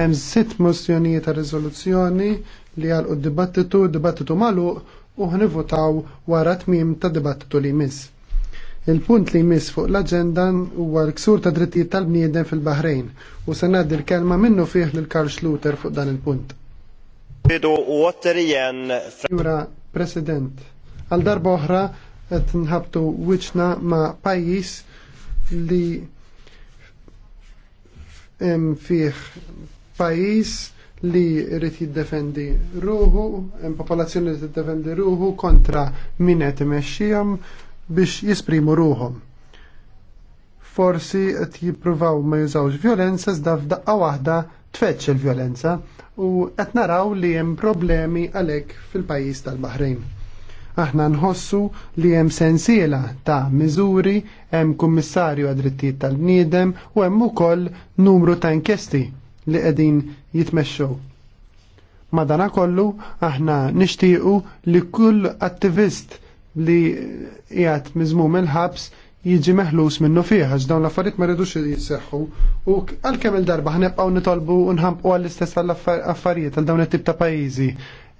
Hemm sitt mozzjonijiet ta' riżoluzzjoni li għalqu d-dibattitu, dibattitu magħluq u ħnivutaw wara tmiem ta' dibattitu li jmiss. Il-punt li jmiss fuq l-agenda huwa l-ksur ta' drittijiet tal-bniedem fil bahrejn u se ngħaddi l-kelma minnu fih lil Karl Schluter fuq dan il-punt. Jura President, għal darba oħra qed nħabtu wiċċna ma' pajjiż li fih pajis li rrit jiddefendi ruħu, popolazzjoni li jiddefendi ruħu kontra min qed biex jisprimu ruħom. Forsi qed jippruvaw ma jużawx violenza iżda f'daqqa waħda tfetx il-violenza u qed naraw li hemm problemi għalhekk fil-pajjiż tal bahrejn Aħna nħossu li hemm sensiela ta' miżuri, hemm kummissarju għad-drittijiet tal-bniedem u hemm ukoll numru ta' inkjesti li qegħdin jitmexxew. Madana kollu aħna nixtiequ li kull attivist li qiegħed miżmum il-ħabs jiġi meħlus minnu fih għax dawn l-affarijiet ma rridux jisseħħu u għalkemm il-darba ħnebqgħu nitolbu u nħampqu għall-istess affarijiet għal dawn it-tip ta' pajjiżi.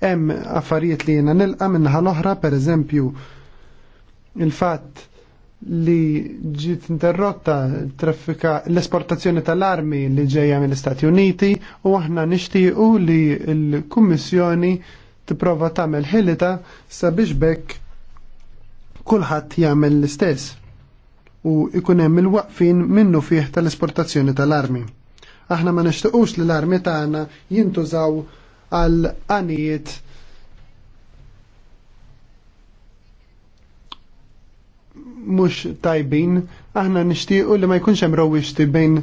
Hemm affarijiet li jiena nilqa' minnaħa l-oħra pereżempju il-fatt li ġiet interrotta t-traffika l-esportazzjoni tal-armi li ġejja mill-Istati Uniti u aħna nixtiequ li l-Kummissjoni tipprova tagħmel ħilita sabiex bekk kulħadd jagħmel l-istess u ikun hemm il-waqfin minnu fih tal-esportazzjoni tal-armi. Aħna ma nixtiequx li l-armi tagħna jintużaw għal anijiet mhux tajbin, aħna nixtiequ li ma jkunx hemm rowixti bejn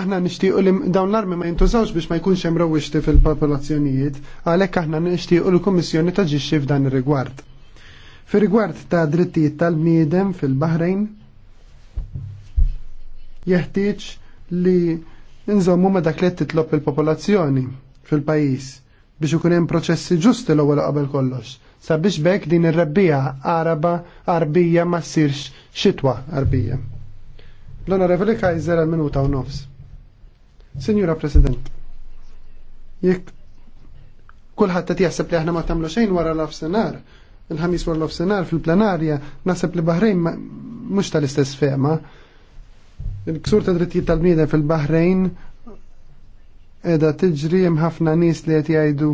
aħna nixtiequ li dawn l-armi ma jintużawx biex ma jkunx hemm rowixti fil-popolazzjonijiet, għalhekk aħna nixtiequ l-Kummissjoni taġixxi f'dan ir-rigward. Fir-rigward ta' drittijiet tal-bniedem fil-Baħrejn, jeħtieġ li nżommu ma dak li titlob il-popolazzjoni fil-pajjiż biex ikun hemm proċessi ġusti l-ewwel qabel kollox. Sabiex bekk din ir-rebbija araba arbija ma ssirx xitwa arbija. L-Onorevoli Kaiser għal minuta u nofs. Signora President, jekk kulħadd qed jaħseb li aħna ma tagħmlu xejn wara l senar il-ħamis wara l senar fil-plenarja, naħseb li Bahrejn mhux tal-istess fema. Il-ksur ta' drittijiet tal mida fil bahrejn edha tiġri ħafna nies li qed jgħidu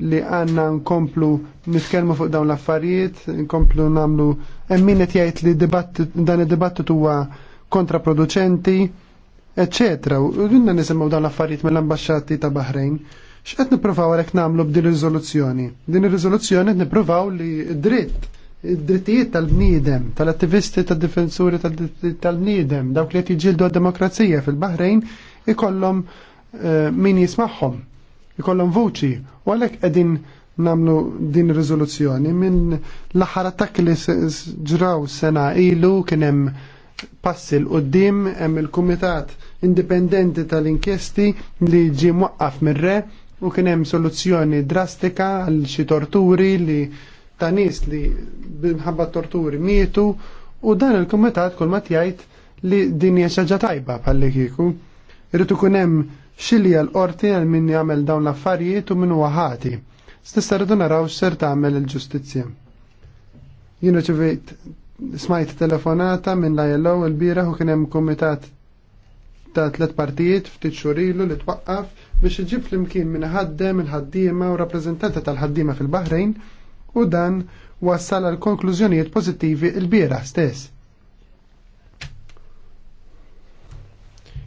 li għanna nkomplu nitkellmu fuq dawn l-affarijiet, nkomplu namlu hemm min qed jgħid li dan id-dibattit huwa kontraproducenti, U Għinna nisimgħu dawn l-affarijiet mill-ambasċati ta' Bahrejn. X'qed nippruvaw għalhekk nagħmlu b'din ir-riżoluzzjoni? Din ir-riżoluzzjoni qed nippruvaw li dritt id-drittijiet tal-bniedem, tal-attivisti, tad-difensuri tal-bniedem, dawk li qed jiġġieldu għad demokrazija fil-Baħrejn ikollhom Eh, min jismaħħom, ikollhom vuċi, u għalhekk qegħdin namlu din riżoluzzjoni minn l-aħħar attakk li ġraw sena ilu kien hemm passi l qoddim hemm il-Kumitat Indipendenti tal-Inkjesti li ġi mwaqqaf mir-re u kien hemm soluzzjoni drastika għal xi torturi li ta' nies li minħabba torturi mietu u dan il-kumitat kull ma li din hija xaġa tajba bħalli kieku. Irid ikun hemm xilli għal-qorti għal min jagħmel dawn l-affarijiet u minn waħati. naraw s naraw x'ser tagħmel il-ġustizzja. Jien ċivit smajt telefonata minn l il-bieraħ u kien hemm kumitat ta' tliet partijiet ftit xurilu li twaqqaf biex iġib flimkien minn ħaddem il-ħaddiema u rappresentanta tal-ħaddiema fil-Baħrejn u dan wassal għal konklużjonijiet pożittivi il bira stess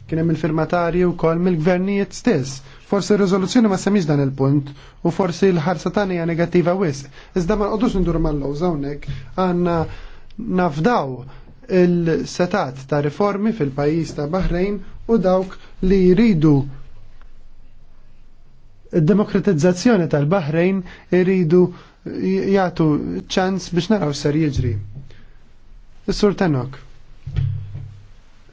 Kien hemm il-firmatarji wkoll mill-gvernijiet stess. Forsi r-riżoluzzjoni ma semmix dan il-punt u forsi l-ħarsa tagħna hija negattiva wisq. Iżda ma nqogħdux ndur mal-lowż hawnhekk għandna nafdaw il-setat ta' riformi fil-pajjiż ta' Baħrejn u dawk li jridu id-demokratizzazzjoni tal bahrejn jridu jagħtu ċans biex naraw ser jiġri. Is-Sur Tenok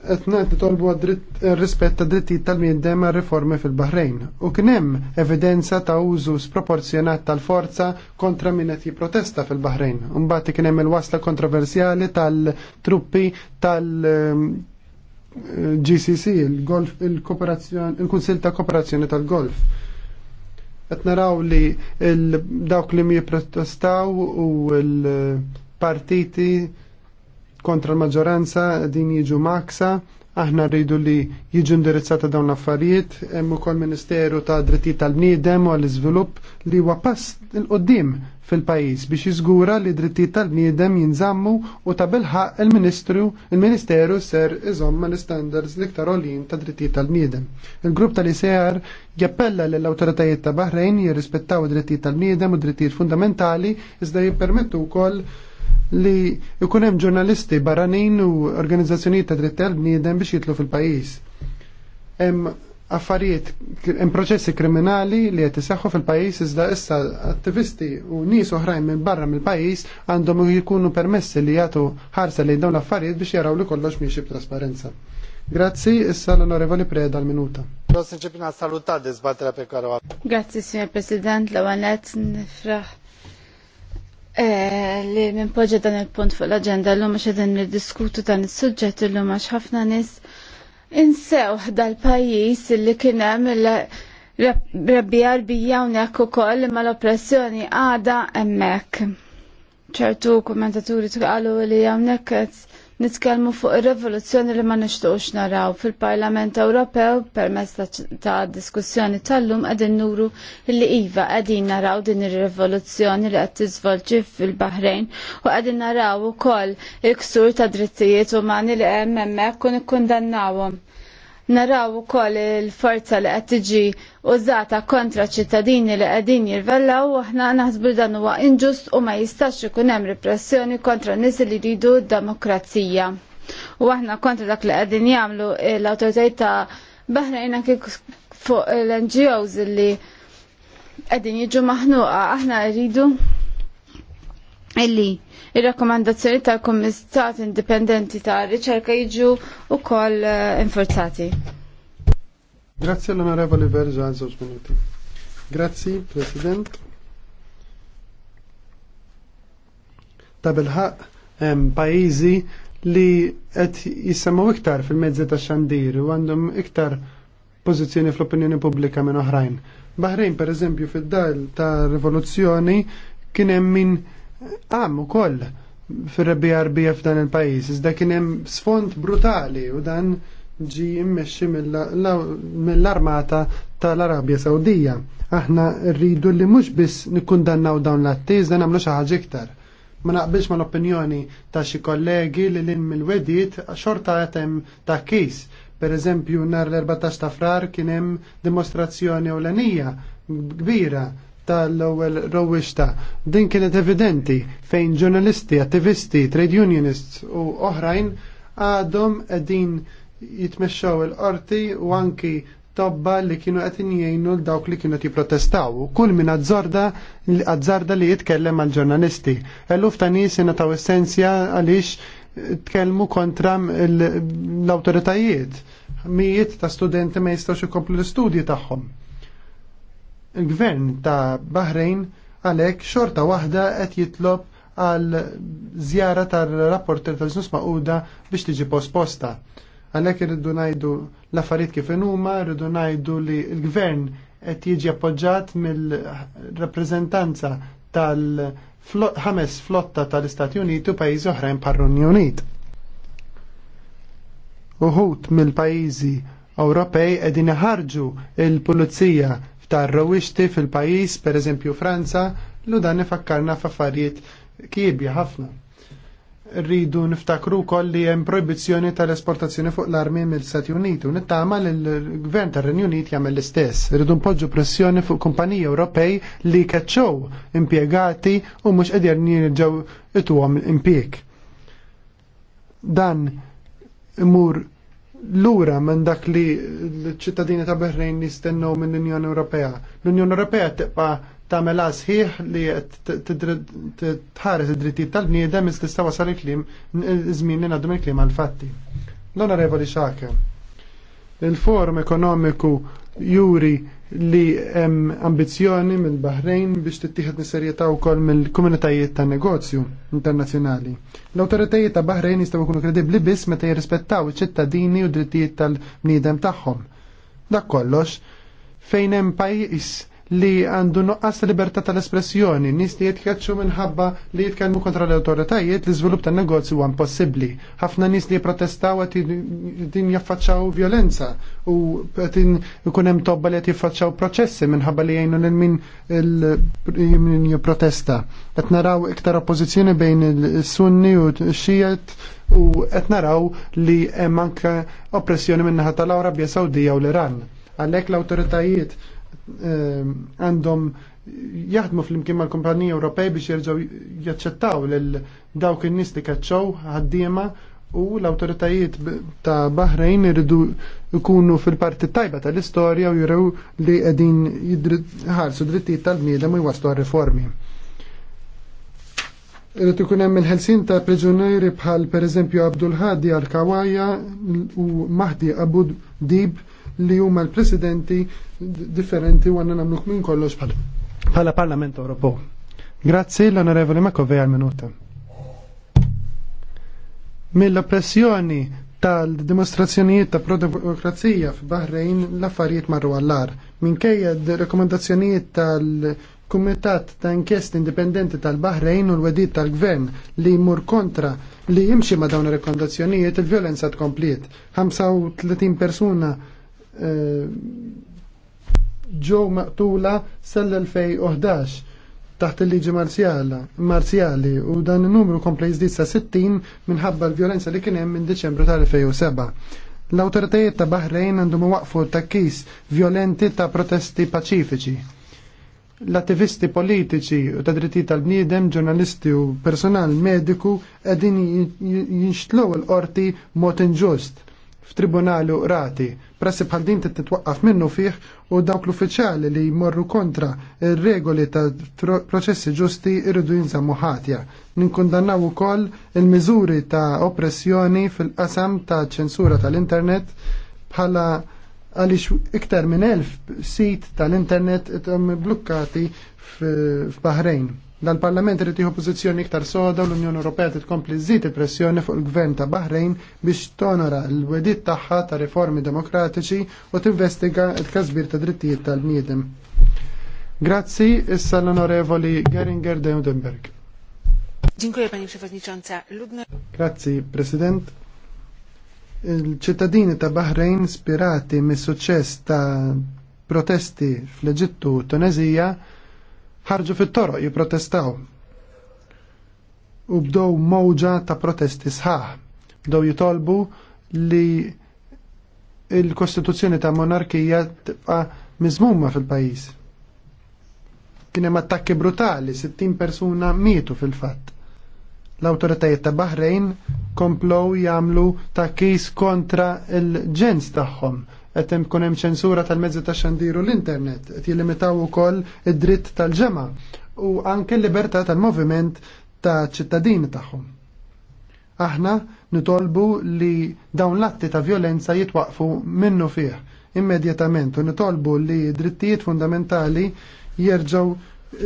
etnet nitolbu eh, rispett ta' drittijiet tal-miedem riformi fil-Bahrejn. U kien hemm evidenza ta' użu sproporzjonat tal-forza kontra minnet qed jipprotesta fil-Bahrejn. Imbagħad kien hemm il-wasla kontroversjali tal-truppi tal- GCC, il-Kunsil ta' Kooperazzjoni tal-Golf. Qed naraw li dawk li mi jipprotestaw u l-partiti kontra l-maġġoranza din jiġu maksa, aħna rridu li jiġu indirizzata dawn l-affarijiet, hemm ukoll Ministeru ta' Drittijiet tal-Bniedem u l-Iżvilupp li huwa pass il-qoddim fil-pajjiż biex jiżgura li drittijiet tal-bniedem jinżammu u ta' bilħaq il-Ministru il-Ministeru ser iżomm l-istandards l-iktar għolin ta' drittijiet tal-bniedem. Il-grupp tal isr e jappella l awtoritajiet ta' Bahrejn jirrispettaw drittijiet tal-bniedem u drittijiet fundamentali iżda jippermettu wkoll li jkun hemm ġurnalisti barranin u organizzazzjonijiet ta' dritt bniedem biex jitlu fil-pajjiż. Hemm affarijiet, hemm proċessi kriminali li qed iseħħu fil-pajjiż iżda issa attivisti u nies oħrajn minn barra mill-pajjiż għandhom jkunu permessi li jagħtu ħarsa li dawn l-affarijiet biex jaraw li kollox miexi b'trasparenza. Grazzi, issa l-onorevoli Preda l-minuta. Grazzi, signor President, l-għanet nifraħ Eh, li minn poġġa dan il-punt fuq l-agenda l-lum għax għedin diskutu dan il-sujġet l-lum għax ħafna nis insew dal-pajis li kienem rabbijar bija unek u koll ma l-oppressjoni għada emmek. ċertu kommentaturi tqalu li għamnek nitkellmu fuq ir-revoluzzjoni li ma nixtuqx naraw fil-Parlament Ewropew permezz ta' diskussjoni tal-lum qegħdin nuru li iva qegħdin naraw din ir-rivoluzzjoni li qed tiżvolġi fil-Baħrejn u qegħdin naraw ukoll il-ksur ta' drittijiet umani li hemm hemmhekk u nikkundannawhom naraw ukoll il-forza li qed tiġi użata kontra ċittadini li qegħdin jirvellaw u aħna naħsbu dan huwa inġust u ma jistax ikun hemm repressjoni kontra nies li jridu d-demokrazija. U aħna kontra dak li qegħdin jagħmlu l-awtoritajiet ta' Baħrejna kif fuq l-NGOs li qegħdin jiġu maħnuqa aħna rridu illi il-rakkomandazzjoni tal-Komitat Indipendenti ta' Riċerka jiġu u koll eh, infurzati. Grazie l-Onorevoli Verġa għal minuti. Grazzi, President. Ta' bilħaq hemm pajjiżi li qed jissemgħu iktar fil-mezzi ta' xandir u għandhom iktar pożizzjoni fl-opinjoni pubblika minn oħrajn. per pereżempju fid-dal ta' rivoluzzjoni kien hemm min għam u koll fil rebbi rbija f'dan il-pajis, iżda kien hemm sfond brutali u dan ġi immexxi mill-armata tal-Arabja Sawdija. Aħna rridu li mhux biss nikkundannaw dawn l-attiż dan nagħmlu xi ħaġa iktar. Ma naqbilx ma l-opinjoni ta' xi kollegi li lin mill-wedit xorta qed hemm ta' kis. Per eżempju, nar l-14 ta' frar kien hemm dimostrazzjoni ewlenija kbira tal-ewwel rowwixta. Din kienet evidenti fejn ġurnalisti, attivisti, trade unionists u oħrajn għadhom qegħdin jitmexxew il-qorti u anki tobba li kienu qed jgħinu l dawk li kienu jipprotestaw u kull minn azzarda azzarda li jitkellem għal ġurnalisti. Eluf ta' nies ingħataw essenzja għaliex tkellmu kontra l-awtoritajiet. Mijiet ta' studenti ma jistgħux ikomplu l-istudji tagħhom. Il-gvern ta' Bahrain għalek xorta waħda qed jitlob għal zjara tar-rapporter tal-ġnus maquda biex tiġi posposta. Għalek irridu najdu l-affarijiet kif huma, irridu najdu li l-gvern qed jiġi appoġġat mill-rappreżentanza tal-ħames flotta tal-Istati Uniti u pajjiżi oħrajn bħar-Unju Unit. Uħut mill-pajjiżi Ewropej qegħdin iħarġu il-pulizija iktar rowixti fil-pajis, per eżempju Franza, lu dan nifakkarna f'affarijiet kiebja ħafna. Rridu niftakru koll li hemm proibizzjoni tal-esportazzjoni fuq l-armi mill-Stati Uniti u nittama li l-gvern tar-Renju Unit jagħmel l-istess. Rridu npoġġu pressjoni fuq kumpaniji Ewropej li kaċċew impjegati u mhux qegħdin jirġgħu ituhom impjeg. Dan imur lura minn dak li l-ċittadini ta' jistennu minn mill-Unjoni Ewropea. L-Unjoni Ewropea tibqa' tagħmel sħiħ li tħares id-drittijiet tal-bniedem iżda tista' wasal il-klim żmien li ngħaddu mill-klim għal-fatti. L-Onorevoli Xhaka. Il-Forum Ekonomiku juri li hemm ambizzjoni mill-Baħrejn biex tittieħed nisserjetà wkoll mill-komunitajiet ta' negozju internazzjonali. L-awtoritajiet ta' Baħrejn jistgħu jkunu kredibbli biss meta jirrispettaw iċ-ċittadini u drittijiet tal-bniedem tagħhom. Dak kollox fejn hemm pajjiż li għandu nuqqas libertà tal-espressjoni, nis li jitkeċċu minħabba li jitkellmu kontra l-autoritajiet li żvilupp tan-negozju huwa impossibbli. Ħafna nis li protestaw qed din jaffaċċaw violenza u qed ikun hemm tobba li qed jiffaċċaw proċessi minħabba li jgħinu lil min jipprotesta. Qed naraw iktar oppożizzjoni bejn is-Sunni u x-Xijat u qed naraw li hemm anke oppressjoni min-naħa tal-Arabja Sawdija u l-Iran. Għalhekk l-awtoritajiet Eh, għandhom jaħdmu fl-imkien mal-kumpaniji Ewropej biex jerġgħu jaċċettaw lil dawk in-nies li kaċċaw ħaddiema u l-awtoritajiet ta' Bahrejn iridu jkunu fil-parti tajba tal-istorja u jrew li qegħdin ħarsu drittijiet tal-bniedem u jwaslu għar reformi Irrid ikun hemm il-ħelsin ta' priġunieri bħal pereżempju Abdul Hadi al-Kawaja u Mahdi Abud Dib li huma l-presidenti differenti u għanna namluk minn kollox bħala Parlament Ewropew. Grazzi l-Onorevoli Makovej għal-minuta. Mill-oppressjoni tal-dimostrazzjonijiet ta' pro-demokrazija f'Bahrejn l-affarijiet marru għallar. Minkejja rekomendazzjonijiet tal-Kumitat ta' inkjest indipendenti tal-Bahrejn u l wedit tal-Gvern li jmur kontra li jimxi ma' dawn rekomendazzjonijiet il-violenza tkompliet. 35 persuna Eh, ġew maqtula sell-2011 taħt il-liġi marzjali u dan il-numru kompla jizdid 60 minħabba l-violenza li kien hemm minn Deċembru tal-2007. L-awtoritajiet ta' Bahrejn għandhom waqfu takkis violenti ta' protesti paċifiċi. L-attivisti politiċi u ta' dritti tal-bniedem, ġurnalisti u personal mediku għedin jinxtlow l-qorti mod inġust f'Tribunali rati. Prassi bħal din titwaqqaf minnu fih u dawk l-uffiċjali li jmorru kontra il regoli ta' proċessi ġusti irridu jinżammu ħatja. Ninkundannaw ukoll il-miżuri ta' oppressjoni fil-qasam ta' ċensura tal-internet bħala għalix iktar minn elf sit tal-internet blukkati f'Bahrejn. Dal-Parlament irid jieħu pożizzjoni iktar soda u l-Unjoni Ewropea titkompli żid il-pressjoni fuq il-Gvern ta' Baħrejn biex tonora l-wedid tagħha ta' riformi demokratiċi u tinvestiga l-każbir ta' drittijiet tal-bniedem. Grazzi, issa l-Onorevoli Geringer de Udenberg. Dziękuję Pani Przewodnicząca. Ludno... Grazzi, President. Il-ċittadini ta' Baħrejn spirati mis-suċċess ta' protesti fl-Eġittu Tunezija ħarġu fit-toroq jiprotestaw. U bdow mowġa ta' protesti sħaħ. Bdow jitolbu li il-kostituzzjoni ta' monarkija tibqa' miżmumma fil-pajjiż. Kien hemm attakki brutali, 60 persuna mietu fil-fatt. L-awtoritajiet ta' Bahrein komplow jagħmlu takkis kontra il-ġens tagħhom qed hemm ċensura tal-mezzi tax-xandiru l-internet, qed u ukoll id-dritt tal ġemma u anke l-libertà tal-moviment ta' ċittadini tagħhom. Aħna nitolbu li dawn l-atti ta' violenza jitwaqfu minnu fih immedjatament u nitolbu li drittijiet fundamentali jerġgħu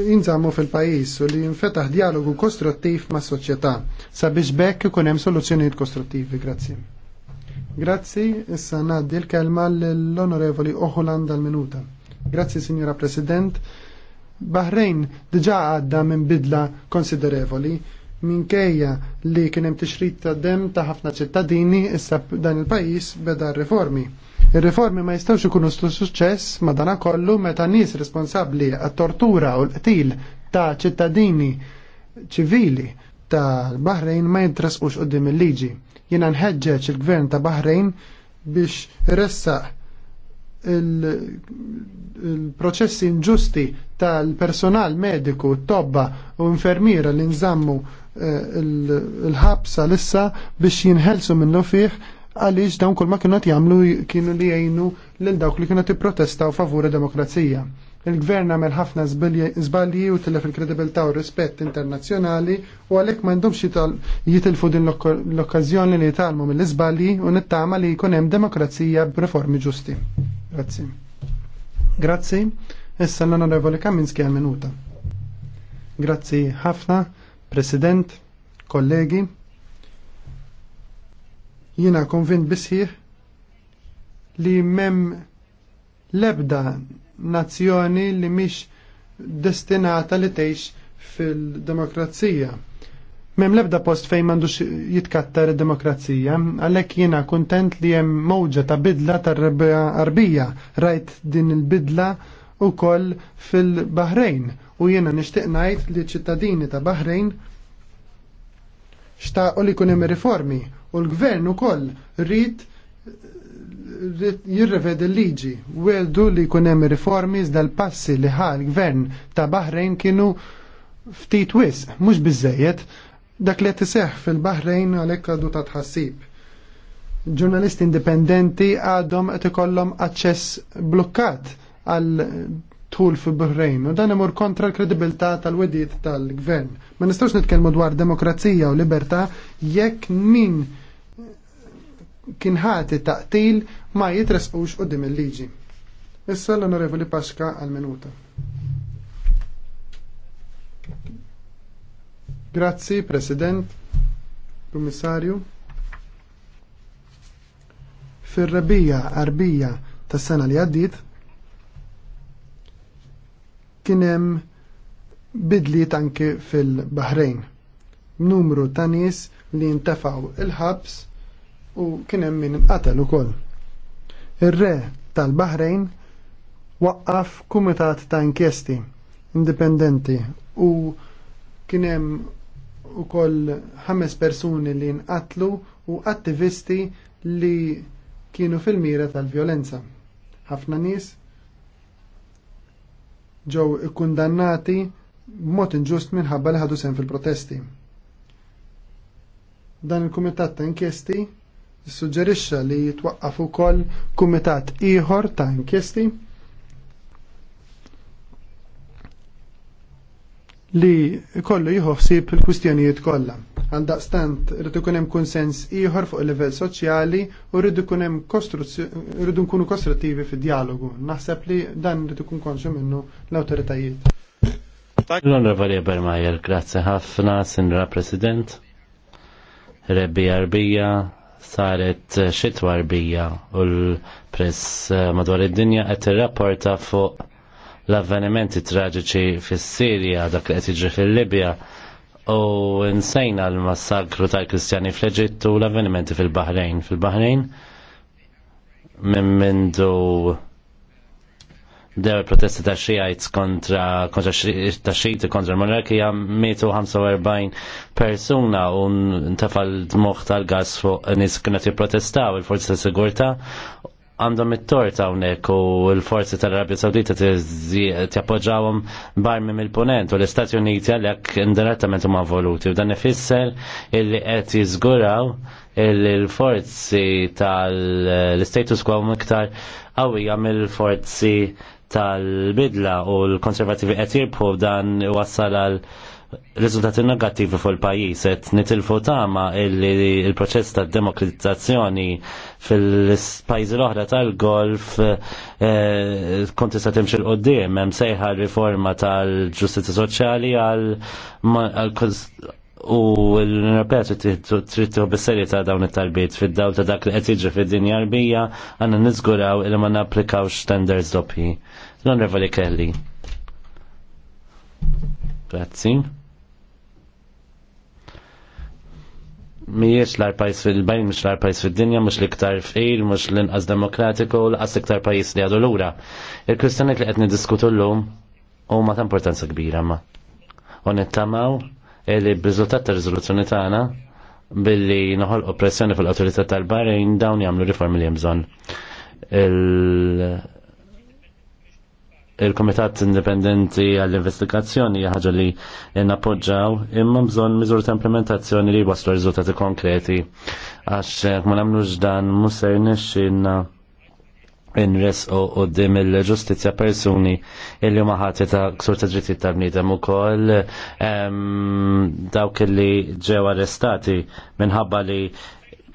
jinżammu fil-pajis u li jinfetaħ dialogu kostruttiv ma' soċjetà sabiex bekk ikun hemm soluzzjonijiet kostruttivi. Grazzi. Grazzi, issa naddi l-kelma l-onorevoli Oħulan dal-minuta. Grazzi, signora President. Bahrein diġa għadda minn bidla konsiderevoli minkejja li kien hemm tixrid ta' dem ta' ħafna ċittadini issa dan il-pajjiż beda riformi. Ir-riformi ma jistgħux ikunu stu suċċess madana kollu meta nies responsabbli għat-tortura u l-qtil ta' ċittadini ċivili tal Bahrein ma jintrasqux qoddim il-liġi. Jiena nħeġġeġ il-gvern ta' Bahrein biex ressaq il-proċessi inġusti tal-personal mediku, tobba u infermiera li nżammu eh, il-ħabsa lissa biex jinħelsu minnu fiħ għaliex dawn kol ma kienu jagħmlu kienu li jgħinu lil dawk li kienu tipprotestaw favur demokrazija. Il-gvern għamel ħafna zbalji u tilef il kredibilta u rispett internazzjonali u għalhekk m'għandhomx jitilfu din l-okkażjoni li jitalmu mill-iżbalji u nittama li jkun hemm demokrazija b'reformi ġusti. Grazzi. Grazzi. Issa l-Onorevoli Kaminski għal minuta. Grazzi ħafna, President, kollegi. Jiena konvint bisħiħ li mem lebda nazzjoni li mhix destinata li tgħix fil-demokrazija. Mem lebda post fejn m'għandux jitkattar id-demokrazija, għalhekk jiena kuntent li hemm mowġa ta' bidla tar-arbija rajt din il-bidla koll fil bahrejn u jiena nixtieq ngħid li ċittadini ta' Baħrejn xtaqgħu li kunem riformi u l-gvern ukoll rrid jirreved il-liġi u għeddu li kunem riformi iżda l-passi li ħal gvern ta' Bahrejn kienu ftit wis, mux bizzejiet, dak li jtiseħ fil-Bahrejn għalek għaddu ta' tħassib. Ġurnalisti indipendenti għadhom qed ikollhom aċċess blokkat għal tul fi Bahrejn u dan imur kontra l-kredibilità tal-wedijiet tal-gvern. Ma nistawx nitkellmu dwar demokrazija u libertà jekk min kienħat it-taqtil ma jitresqux qudiem il-liġi. Issa l-Onorevoli Paxka għal-minuta. Grazzi, President, Kummissarju. Fir-rebija arbija tas sena li għaddit kien hemm bidliet anke fil-Bahrejn. Numru ta' nies li ntefgħu il-ħabs u kien hemm min inqatel ukoll. Ir-re tal-Baħrejn waqqaf kumitat ta' inkjesti indipendenti u kien hemm ukoll ħames persuni li nqatlu u attivisti li kienu fil-mira tal-vjolenza. Ħafna nies ġew ikkundannati b'mod inġust minħabba li ħadu sehem fil-protesti. Dan il-kumitat ta' inkjesti Suġġerixxa li jitwaqqaf ukoll kumitat ieħor ta' inkjesti li kollu jħossib il-kwistjonijiet kollha. Għaldaqstant rrid jkun hemm kunsens ieħor fuq il-livell soċjali u rridu jkun hemm rridu nkunu kostruttivi fid-dialogu. Naħseb li dan rridu jkun konxu minnu l-awtoritajiet. L-Onorevoli Bermajer, grazzi ħafna, Sinra President, Rebbi Arbija, saret eh, xitwar bija u l-press eh, madwar id-dinja qed tirrapporta fuq l-avvenimenti traġiċi fis-Sirja dak li qed jiġri fil-Libja u nsejna l-massakru tal-Kristjani fl-Eġittu u l-avvenimenti fil-Baħrejn. Fil-Baħrejn minn mindu dew protesti ta' xijajt kontra kontra ta' xijt kontra l-monarkija mietu 45 persuna un tafal dmoħ tal-gas fuq nis kienet protestaw il-forzi ta' sigurta għandhom it-tort hawnhekk u l-forzi tal-Arabja Sawdita tappoġġawhom barmi mill-punent u l-Istati Uniti għalhekk indirettament huma voluti u dan ifisser illi qed jiżguraw il-forzi tal-status quo miktar qawwija mill-forzi tal-bidla u l-konservativi qed jirbħu dan wassal għal riżultati negattivi fuq il-pajjiż qed nitilfu tama illi l proċess ta' demokratizzazzjoni fil-pajjiżi l-oħra tal-golf eh, kont tista' timxi l qudiem hemm sejħa riforma tal-ġustizza soċjali għal u l-Europea trid tieħu ta' dawn it-talbiet fid daw ta' dak li qed jiġri fid-dinja rbija għandna niżguraw li ma napplikawx standards doppji. l onrevoli Kelly. Grazzi. Mijiex l arpajs fil-bajn, mux l arpajs fil-dinja, mux l-iktar fil, mux l-inqas demokratiku, l-qas iktar pajis li għadu l-ura. Il-kustjoniet li għetni diskutu l-lum u ma ta' importanza kbira ma. U nittamaw li b'riżultat ta' riżoluzzjoni tagħna billi noħolqu pressjoni fil awtorità tal-Barejn dawn jagħmlu riformi li hemm bżonn. Il-Komitat Indipendenti għall-Investigazzjoni ħaġa li nappoġġaw imma bżonn miżur ta' implementazzjoni li waslu riżultati konkreti għax ma nagħmlux dan mhux se jnexxinna inres u għoddim il-ġustizja personi illi maħati ta' ksur ta' drittijiet tal-bnidem u kol dawk illi ġew arrestati minħabba li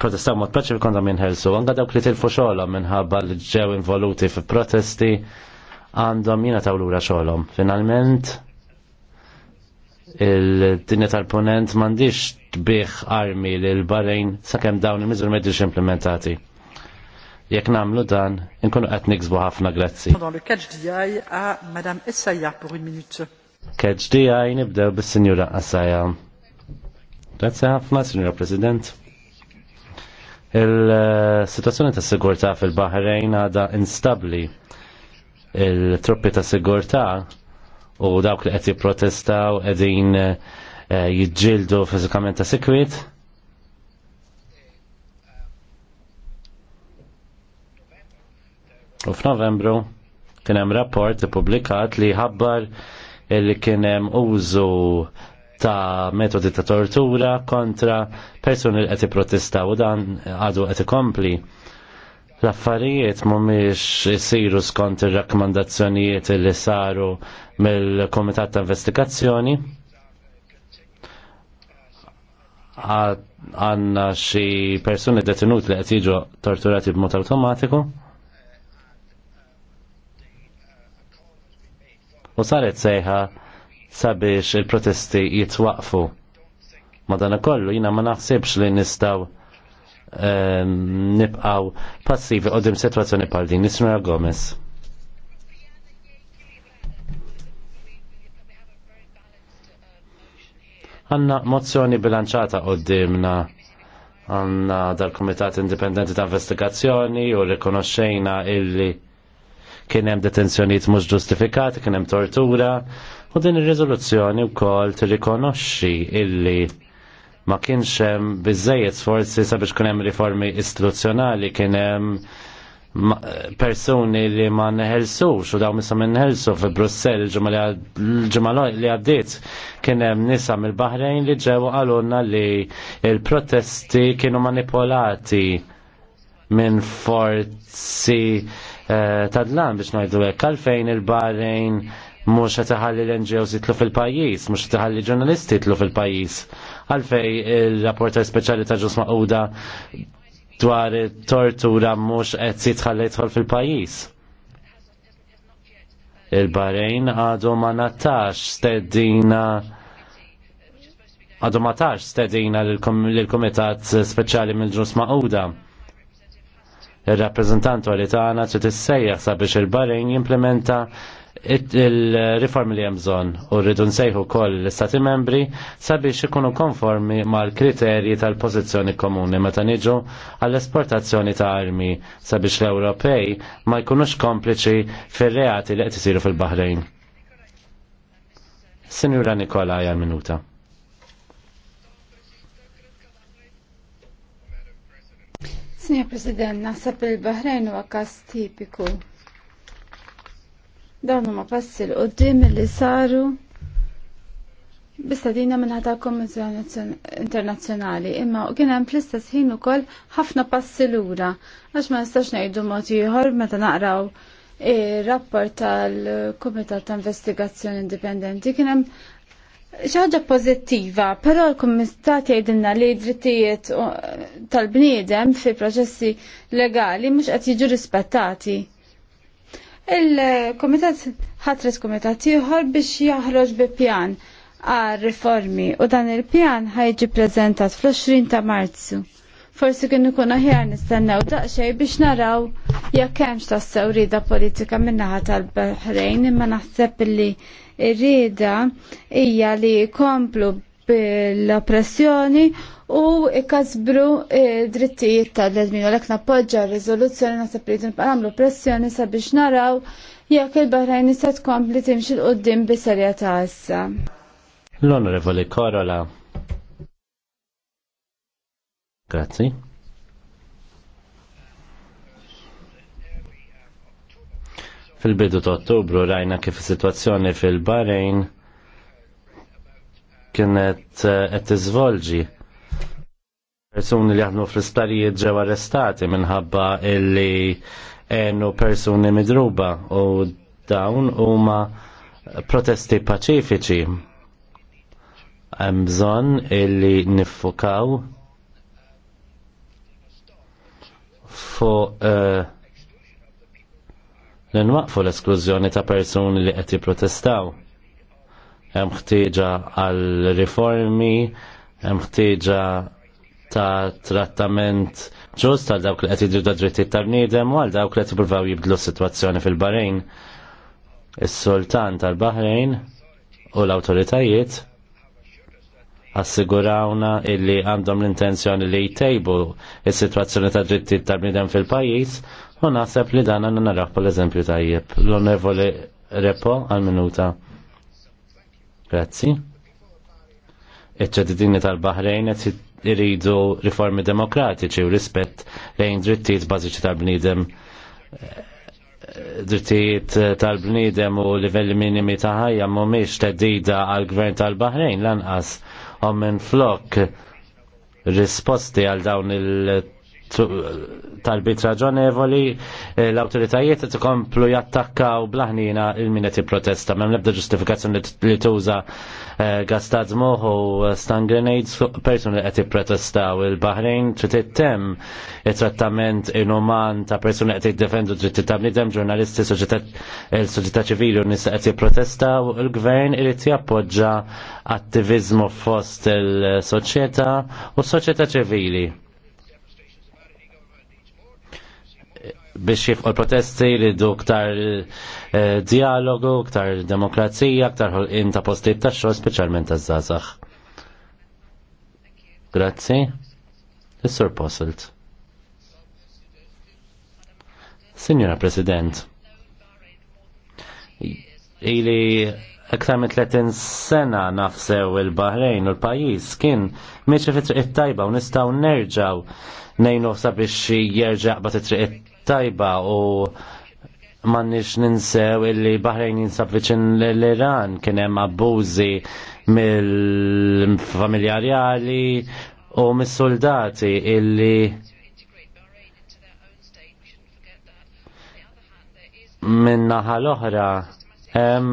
protestaw mod paċi konta minħelsu. Għanga dawk li tilfu xolom minħabba li ġew involuti fi protesti għandhom jina ta' lura xolom. Finalment, il-dinja tal-ponent mandiġ tbiħ armi l-barrejn sakemm dawn il-mizur medġiġ implementati. Jekk nagħmlu dan, inkunu qed niksbu ħafna grazzi. Catch DI nibdew bis-Sinjura Assaja. Grazzi ħafna, Sinjura President. Il-situazzjoni ta' sigurtà fil bahrejn għadha instabli. Il-truppi ta' sigurtà u dawk li qed jipprotestaw qegħdin eh, jiġġieldu fiżikament ta' sikwiet, U f'Novembru kien hemm rapport ippubblikat li ħabbar li kien hemm użu ta' metodi ta' tortura kontra persuni li qed protestaw u dan għadu qed ikompli. L-affarijiet mhumiex isiru skont ir-rakkomandazzjonijiet li saru mill-Kumitat ta' Investigazzjoni għanna xi persuni detenuti li qed jiġu torturati b'mod awtomatiku. u saret sejħa sabiex il-protesti jitwaqfu. Madana kollu jina ma naħsibx li nistaw ehm, nibqaw passivi u dim situazzjoni pal din. Nisra Gomez. Għanna mozzjoni bilanċata u dimna għanna dal-Komitat Indipendenti ta' Investigazzjoni u rikonoxxejna illi kien hemm detenzjonijiet mhux ġustifikati, kien hemm tortura, u din ir-riżoluzzjoni wkoll tirrikonoxxi illi ma kienx hemm biżejjed sforzi sabiex kien hemm riformi istituzzjonali, kien hemm persuni li ma neħelsux u daw misa minn fi Brussel ġemma li għaddit kienem nisa mill bahrejn li ġew għalunna li il-protesti kienu manipolati minn forzi eh, tad-lan biex ngħidu hekk għalfejn il-barrejn mhux qed iħalli l-NGOs jitlu fil-pajjiż, mhux qed iħalli ġurnalisti jitlu fil-pajjiż. Għalfej il-rapporter speċjali ta' ġus maquda dwar tortura mhux qed tħalli jitħol fil-pajjiż. il barrejn għadu ma nattax steddina għadu ma tax stedina l-Komitat Speċjali mill-ġus uda il-rappresentant għalli taħna trid issejjaħ sabiex il-Bahrain jimplementa il-riformi li jemżon u rridu nsejħu koll l-Istati membri sabiex ikunu konformi mal-kriterji tal-pozizjoni komuni meta niġu għall-esportazzjoni ta' armi sabiex l-Ewropej ma jkunux kompliċi fir-reati li qed isiru fil-Bahrejn. Sinjura Nikola għal minuta. Signor President, naħseb il-Bahrejn huwa każ tipiku. Dawn huma passi l qoddim li saru bistadina minna ta' l Internazjonali. Internazzjonali imma kien hemm fl-istess ħin ukoll ħafna passi lura għax ma nistax ngħidu mod ieħor meta naqraw rapport tal-Kumitat ta' Investigazzjoni Indipendenti kien hemm ċaħġa pozittiva, pero l-Komitat jgħidilna li drittijiet tal-bniedem fi proċessi legali mux qed jiġu rispettati. Il-Komitat ħatres Komitat ieħor biex jaħroġ bi pjan għal riformi u dan il-pjan ħajġi prezentat fl-20 ta' Marzu. Forsi kien ikun aħjar nistennew daqsxej biex naraw jekk hemmx tas-sewrida politika min-naħa tal bahrejn imma naħseb li Irrida hija li jkomplu bil-oppressjoni u ikasbru eh, drittijiet tal-ledmin. Għalek nappoġġa r-rizoluzzjoni nasab li għamlu pressjoni sabiex naraw jekk il-Bahrajn se tkompli timx il qoddim bi ta' issa. L-Onorevoli Korola. Grazie. Fil-bidu ta' ottubru rajna kif is-sitwazzjoni fil-Barejn kienet eh, qed tiżvolġi. Persuni li jaħdmu fl-isptarijiet ġew arrestati minħabba illi għenu persuni midruba u dawn huma protesti paċifiċi. Hemm bżonn illi nifukaw fuq uh, li nwaqfu l-esklużjoni ta' persuni li qed jipprotestaw. Hemm ħtieġa għal riformi, hemm ħtieġa ta' trattament ġust għal dawk li qed jidru drittijiet tal niedem u għal dawk li qed jippruvaw jibdlu s-sitwazzjoni fil-Barejn. Is-Sultan tal bahrejn u l-awtoritajiet assigurawna illi għandhom l-intenzjoni li jtejbu is-sitwazzjoni ta' drittijiet tal-bniedem fil-pajjiż U naħseb li dan għanna naraw pal eżempju tajjeb. L-onorevoli Repo għal-minuta. Grazzi. iċ tal-Bahrejn qed iridu riformi demokratiċi u rispett lejn drittijiet bażiċi tal-bniedem drittijiet tal-bniedem u livelli minimi ta' ħajja mhumiex teddida għal gvern tal-Bahrejn lanqas u minn flok risposti għal dawn il talbit raġonevoli eh, l-autoritajiet t-komplu jattakka u blaħnina il-minet protesta Mem l-ebda ġustifikazzjoni li tuża eh, gastaz moħu u stun grenades persuni li qed jipprotestaw il-Baħrejn trid tem it-trattament inuman ta' persuni qed defendu dritti ta' nidem ġurnalisti il-soċjetà eh, ċivili u nisa protesta jipprotestaw il-gvern irid jappoġġa attivizmu fost il soċieta u s ċivili. biex jifqu protesti li du ktar eh, dialogu, ktar demokrazija, ktar ħolqin ta' postijiet ta' xogħol speċjalment ta' żgħażagħ. Grazzi. Is-Sur Posselt. Signora President, ili aktar minn 30 sena nafsew il-Bahrejn u l-pajis kien miex fi triq tajba u nistaw nerġaw nejnu sabiex jerġaq bat triq tajba u mannix ninsew illi Bahrejn jinsab viċin l-Iran kienem hemm abbużi mill-familjarjali u mis-soldati illi minnaħa l-oħra hemm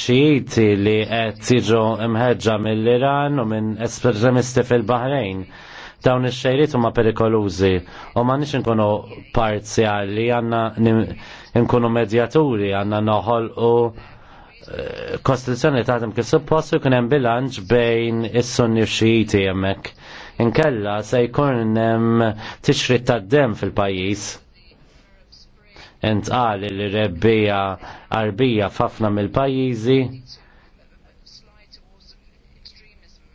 xijiti li qed jiġu imħeġġa mill-Iran u minn estremisti fil-Bahrejn Dawn ix-xejriet huma perikolużi u ma nix nkunu parzjali għandna nkunu medjaturi għandna noħolqu eh, kostituzzjoni ta' kif suppost jkun hemm bilanċ bejn is-sunni u xijiti jemmek Inkella se jkun hemm tixrid tad-dem fil-pajjiż Intqali li rebbija arbija f'ħafna mill-pajjiżi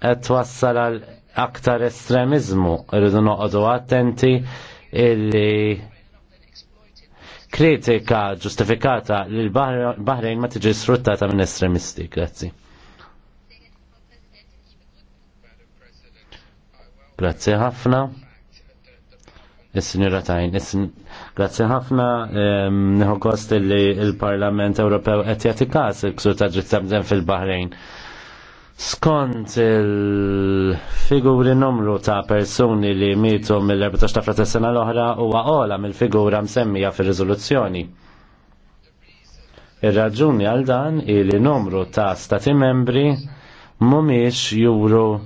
qed twassal għal aktar estremizmu, rridu noqogħdu attenti illi kritika ġustifikata li l-Bahrejn ma tiġi sfruttata minn estremisti, grazzi. Grazzi ħafna. Is-Sinjura Tajn, grazzi ħafna ehm, neħu kost li l-Parlament Ewropew qed jagħti każ il ta' ġitzabden fil-Bahrejn Skont il-figuri numru ta' persuni li mitu mill-14 ta' fratessena l-oħra huwa għola mill-figura msemmija fir-riżoluzzjoni. Ir-raġuni għal dan il numru ta' stati membri mumiex juru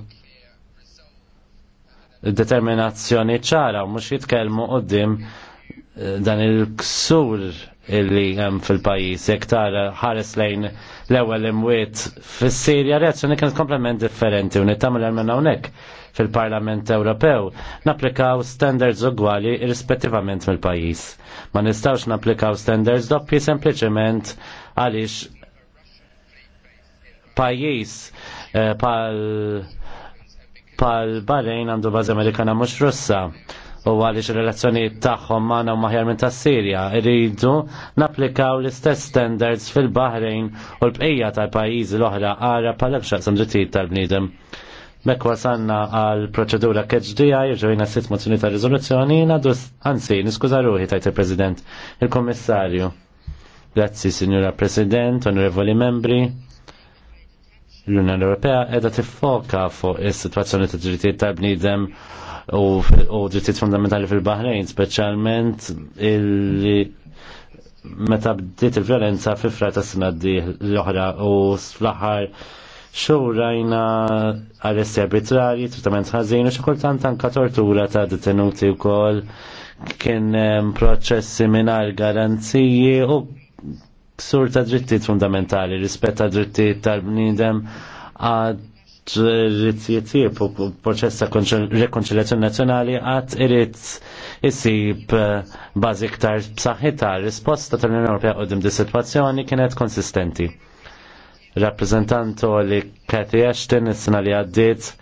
determinazzjoni ċara u mux jitkelmu qoddim eh, dan il-ksur li hemm fil-pajjiż iktar ħares lejn l-ewwel imwiet fis-Sirja reazzjoni kienet komplement differenti u nittamel minn hawnhekk fil-Parlament Ewropew napplikaw standards ugwali rispettivament mill-pajjiż. Ma nistgħux napplikaw standards doppji sempliċement għaliex pajjiż eh, pal pal għandu baż Amerikana mhux Russa u għaliex relazzjonijiet tagħhom maħna u maħjar minn tas-Sirja rridu napplikaw l-istess standards fil-Baħrejn u l-bqija tal-pajjiżi l-oħra għara pal-ebxa drittijiet tal-bniedem. Mekwa wasanna għal proċedura keġdija jirġojna sitt mozzjoni ta' riżoluzzjoni għadu għansi, niskuża ruħi tajt il-President, il-Kommissarju. Grazzi, Signora President, Onorevoli Membri l-Unjoni Ewropea qiegħda tiffoka fuq is-sitwazzjoni ta' drittijiet tal bniedem u drittijiet fundamentali fil-Bahrejn, speċjalment il- meta bdiet il-violenza fi frat ta' sena l-oħra u fl-aħħar xur rajna arresti arbitrarji, trattament ħażin u xikultant anka tortura ta' detenuti wkoll kien proċessi mingħajr garanziji u sur ta' drittijiet fundamentali, rispett ta' drittijiet tal-bniedem għad rittijiet u proċess ta' rekonċiljazzjoni nazzjonali għad irid isib eh, bażi iktar b'saħħitha. Risposta tal-Unjoni Ewropea dim di sitwazzjoni kienet konsistenti. Rappresentanto li Kathy Ashton is-sena li għaddiet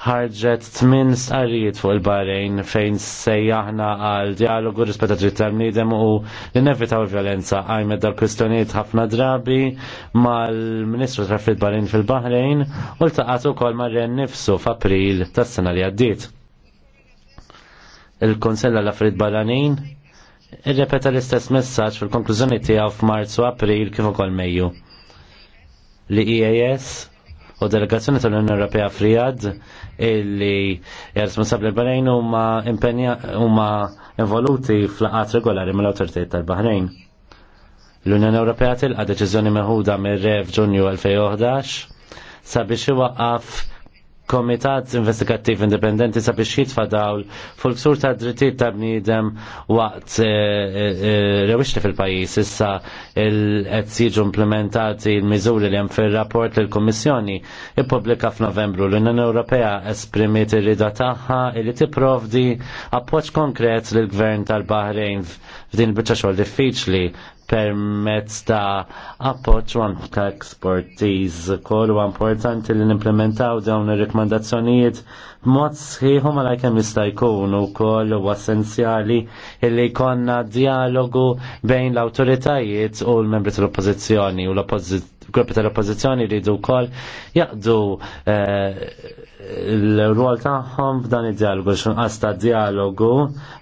ħarġet tmin sarijiet fuq il-barrejn fejn sejjaħna għal dialogu rispetta dritt tal-bniedem u l-inevitaw violenza għajme dal kwistjonijiet ħafna drabi mal-Ministru traf il fil-Bahrejn u l-taqat u kol marren nifsu f'April tas-sena li għaddiet. Il-Konsell għal affarijiet Barranin irrepeta l-istess messaġġ fil-konklużjoni tiegħu f'Marzu April kif ukoll Mejju li EAS u delegazzjoni tal-Unjoni Ewropea frijad illi responsabbli l-Bahrejn huma impenja huma involuti fl laqat regolari mill-awtoritajiet tal-Bahrejn. L-Unjoni Ewropea tilqa' deċiżjoni meħuda mir-Rev Ġunju 2011 sabiex iwaqqaf komitat investigattiv indipendenti sabiex jitfa dawl fuq ksur ta' drittijiet ta' bniedem waqt eh, eh, eh, rewixti fil-pajis. Issa qed jiġu implementati l-miżuri li hemm fir-rapport lill l-Kummissjoni ippubblika f'Novembru. L-Unjoni Ewropea esprimiet ir-rida tagħha li tipprovdi appoġġ konkret lill-Gvern tal bahrejn f'din il-biċċa xogħol diffiċli permezz ta' appoġġ u anka expertise kollu importanti li nimplementaw dawn ir-rekomandazzjonijiet b'mod sħiħu ma kemm jista' jkun ukoll u essenzjali li jkollna dialogu bejn l-awtoritajiet u l-membri tal-oppożizzjoni u l-gruppi tal-oppożizzjoni jridu wkoll jaqdu eh, l-rwol tagħhom f'dan id-dialogu x'un ta' dialogu,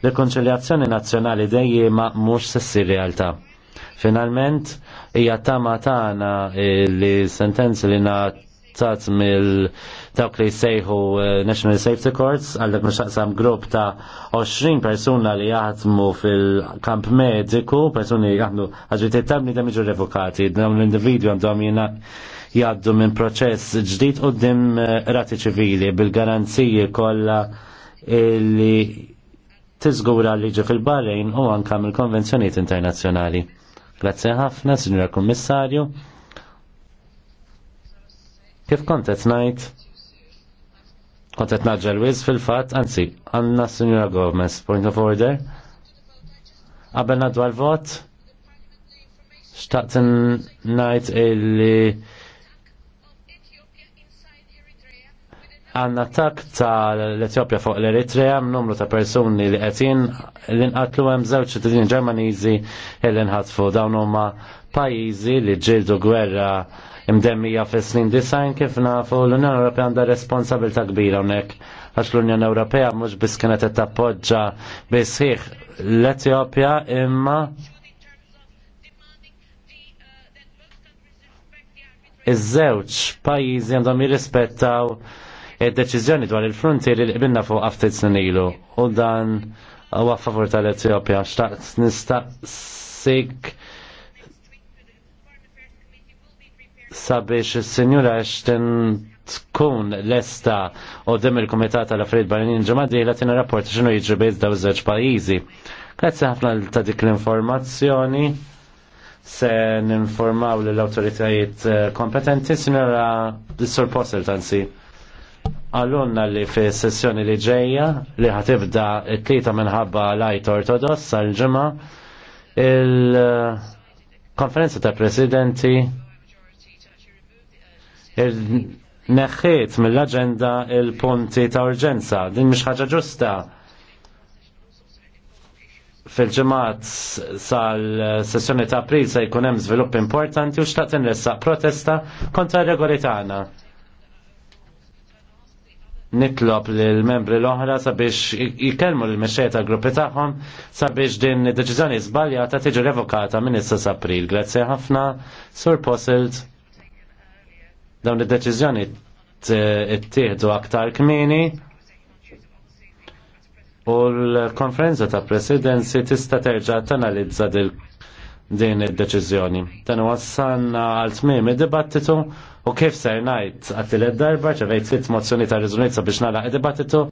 rekonċiljazzjoni nazzjonali dejjema mhux se ssir realtà. Finalment, hija tama tagħna li sentenzi li tat mill dawk li jsejħu eh, National Safety Courts għallek mxaqsam grupp ta' 20 persuna li jaħdmu fil-kamp mediku, persuni li jaħdmu għagġitiet tamni da miġu revokati, dawn l-individu għandhom jina jaddu minn proċess ġdid u dim eh, rati ċivili bil-garanziji kolla li tizgura liġi fil-barrejn u għankam mill-konvenzjoniet internazzjonali. Grazie ħafna, Signora Kommissarju. Kif kontet najt? Kontet naġġel wiz fil-fat, anzi, għanna Signora Gomez, point of order. Qabel nadwar vot, xtaqt najt illi għanna attak ta' l-Etjopja fuq l-Eritrea numru ta' persuni li għetin l-inqatlu hemm zewċ ċittadini Ġermaniżi l-inħatfu dawn huma pajjiżi li ġildu gwerra imdemmija fis snin disajn kif nafu l-Unjoni Ewropea għandha responsabilta kbira hawnhekk għax l-Unjoni Ewropea mhux biss kienet qed tappoġġa bisħiħ l-Etjopja imma iż-żewġ pajjiżi għandhom jirrispettaw il deċiżjoni dwar il-frontier li qbilna fuq ftit snilu u dan huwa favur tal-Etjopja xtaqt nistaqsik sabiex is-Sinjura xten tkun lesta u dim il-Komitat tal-Affarijiet Barinin ġemadli li għatina rapport x'inhu jiġri bejn daw żewġ pajjiżi. Grazzi ħafna ta' dik l-informazzjoni se ninformaw lill awtoritajiet eh, kompetenti sinjora l-sur Posel tansi għallonna li fi sessjoni li ġeja li ħatibda t-tlieta minħabba lajt ortodoss sal ġemma il-konferenza ta' presidenti il-neħħiet mill-agenda il-punti ta' urġenza din mhix ħaġa ġusta fil-ġemat sal-sessjoni ta' april se jkun hemm żvilupp importanti u xtaqt inressaq protesta kontra r-regoli tagħna nitlob l-membri l-oħra sabiex jikelmu l mesċeta tal-gruppi tagħhom sabiex din id-deċiżjoni żbaljata tiġi revokata minn issa april. Grazzi ħafna, Sur Posselt. Dawn id-deċiżjoni ttieħdu aktar kmini u l-konferenza ta' presidenzi tista' terġa' tanalizza din id-deċiżjoni. Dan għassan għal tmiem id-dibattitu U kif ser ngħid għat darba ċavejt fit mozzjoni ta' riżunizza biex nagħlaq id-dibattitu